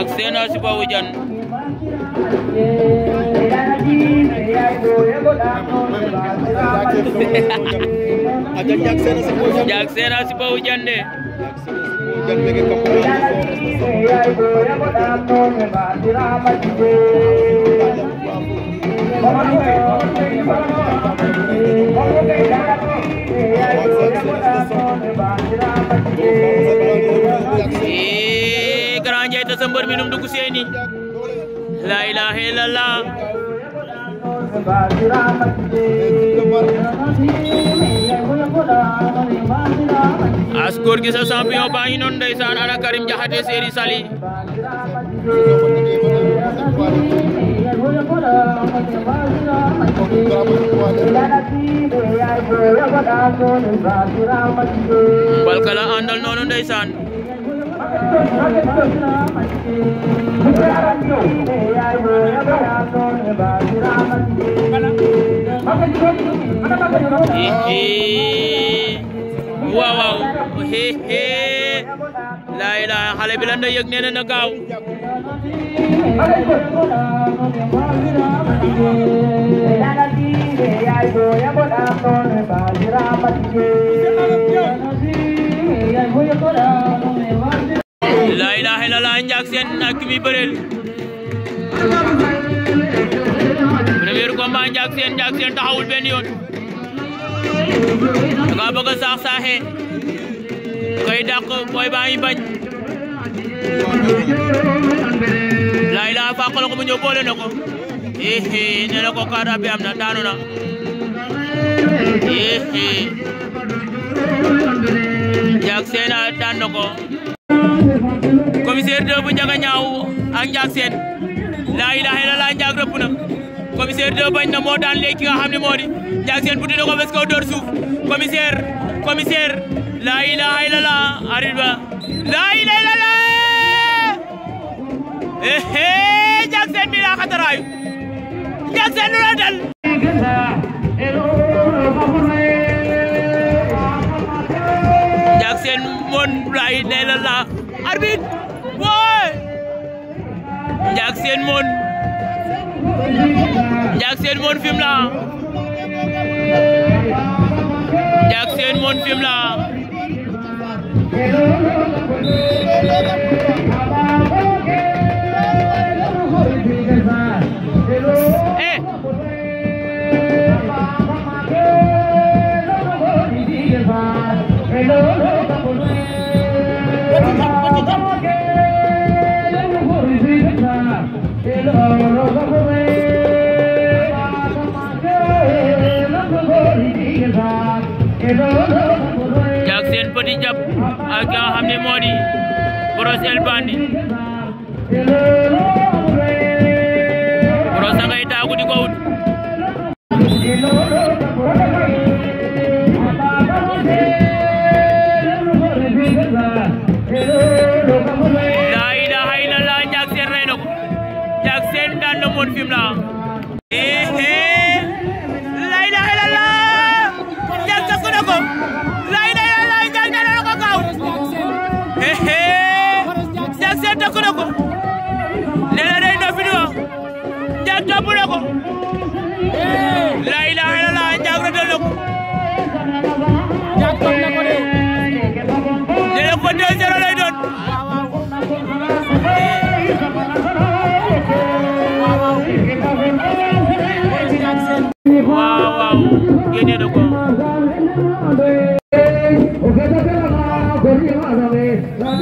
ak Zeyna Siba Widiane jaag Zeyna Siba Widiane de Yeah. Njaay itu sembur minum duku si ini. la ilaha illallah askor kisah sampai apa ini non dari sana ada Karim Jaxate Seri Sali balkala andal non dari sana. waaw waaw laay la xale bi lan la yëg nee na gaaw Yeah. laa ilaaha illallaah Ndiack Sène ak mi bëreel premier combat Ndiack Sène Ndiack Sène taxawul benn yoon danga bëgg a saax saaxe koy dàq baa ngi bañ laa ilaaha fàqal boole na ko ehe ko kaata bi na daanu na ehe Ndiack Sène daan na commissaire deux bu njaga ñaaw ak seen laa ilaha illallah njaag rëpp na commissaire deux bañ na moo daan léegi ki nga xam ne moo di seen buddi na ko door suuf commissaire commissaire laa ilaha illallah arit ba laa ilaha illallah ehe njaag seen mi laa xataraayu njaag seen lu la dal njaag Ndiack Sène Mone Ndiack Sène Mone Fimela Ndiack Sène Mone Fimela ak nga xam ne moo di Bross El Bandit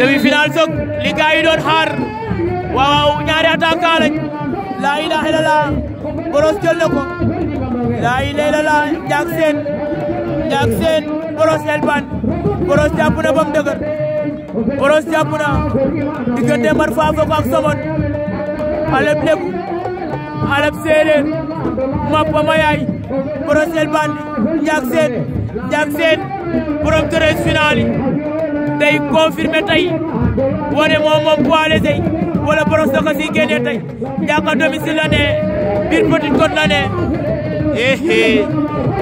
demi-finale sok li gaay yi doon xaar waaw ñaari attaquant lañ boros jël na ko laa ilaha illallah boros el boros jàpp na dëgër boros jàpp na diggante mar ak somon aleb lebu aleb séeréer mappa ma boros el ban njaag borom treize finale day confirmer tey wane moom moom poids léger yi wala borom sa ko si génnee tey Ndiaka domicile la la ne eh, eh,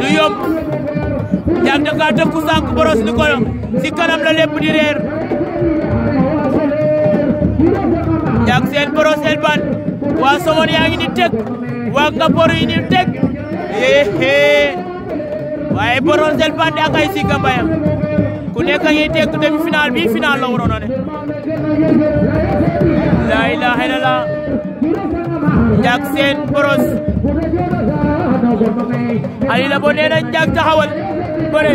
du yomb Ndiaka da kaa tëkku sànq boros ni ko si kanam la lépp di reer Ndiaka seen boros seen ban waa Somone yaa ni teg waa Ngapoor yi ni teg eh, eh. waaye boros seen ban ak si gambayam ku nekk a ngi teg demi final la waroon a ne laa ilaaha illallaah Ndiack Sène Bross Ali Labo nee na Ndiack taxawal bëre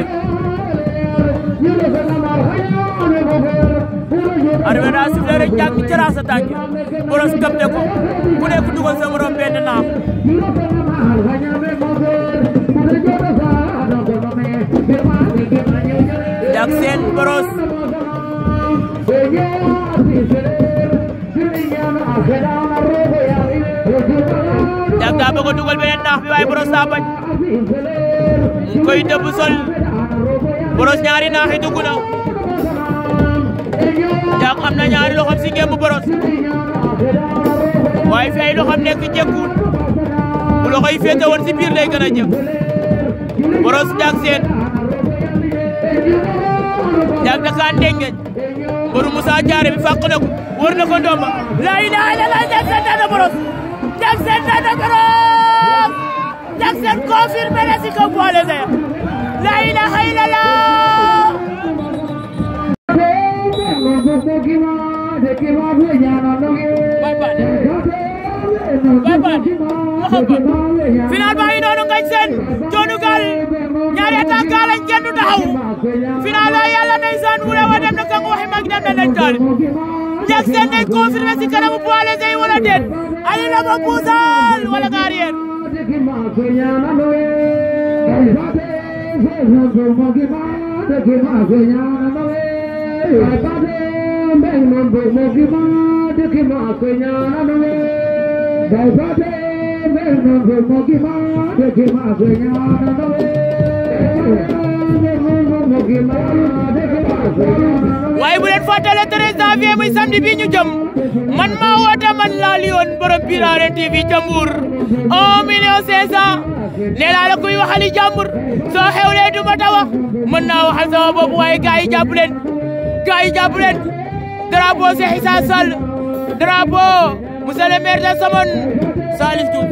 arme daa sifle rek Ndiack mi caraas a tànk ne ko ku nekk naam ak seen boros Jaga bëgg a naax bi waaye boros daa bañ mu koy dëbb sol boros ñaari naax yi dugg na am na ñaari loxoom si ngemb boros waaye fi ay loxoom nekk jekkuut bu loxo yi féete woon si biir lay gën a boros jag seen Dame Dakar Ndengeñ Boru Moussa Diaré bi fàq na ko wër na ko ndomba la ilaha illallah Jackson Dada Brosse Jackson Dada Brosse Jackson confirmé na si kaw poids léger la ilaha illallah Final baa ngi noonu ngañ seen nu taxaw final ay yàlla wure wa dem na confirmer si wala la wala Thank you. waaye bu leen fàtte le 13 janvier muy samedi bii ñu jëm man maa woote man laa liyoon borom biir Arène TV Jambour 1 million 500 nee kuy waxali jàmbur soo xewlee du ma tawa mën naa waxal sama bopp waaye gars yi jàpp leen gars yi jàpp leen drapeau Cheikh Issa Sall drapeau monsieur le maire de Somone Salif Diouf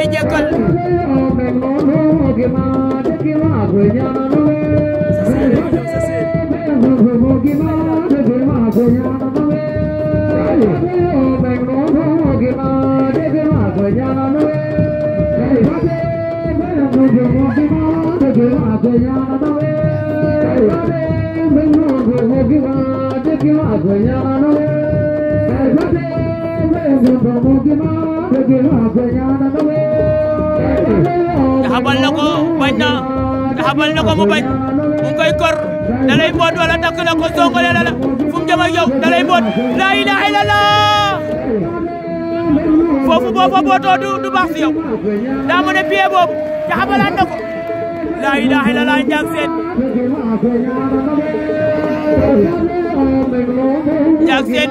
koy jégal Thank you. xabal na ko bañ na xabal na ko mu bañ mu koy kor da lay boot wala takk na ko songole la la fu mu jëm ak yow da lay boot la ilaha illallah foofu boo fa bootoo du du yow daa mën a pied boobu te na ko la ilaha illallah njàng seen njàng seen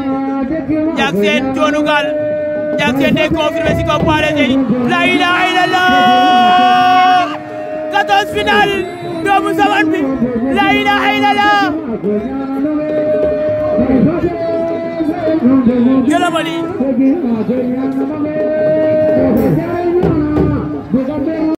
njàng seen coonu gaal Ndiack Sène day confirmer si kaw poids léger yi la ilaha illallah doomu sawan bi la ilaha illallah jëlama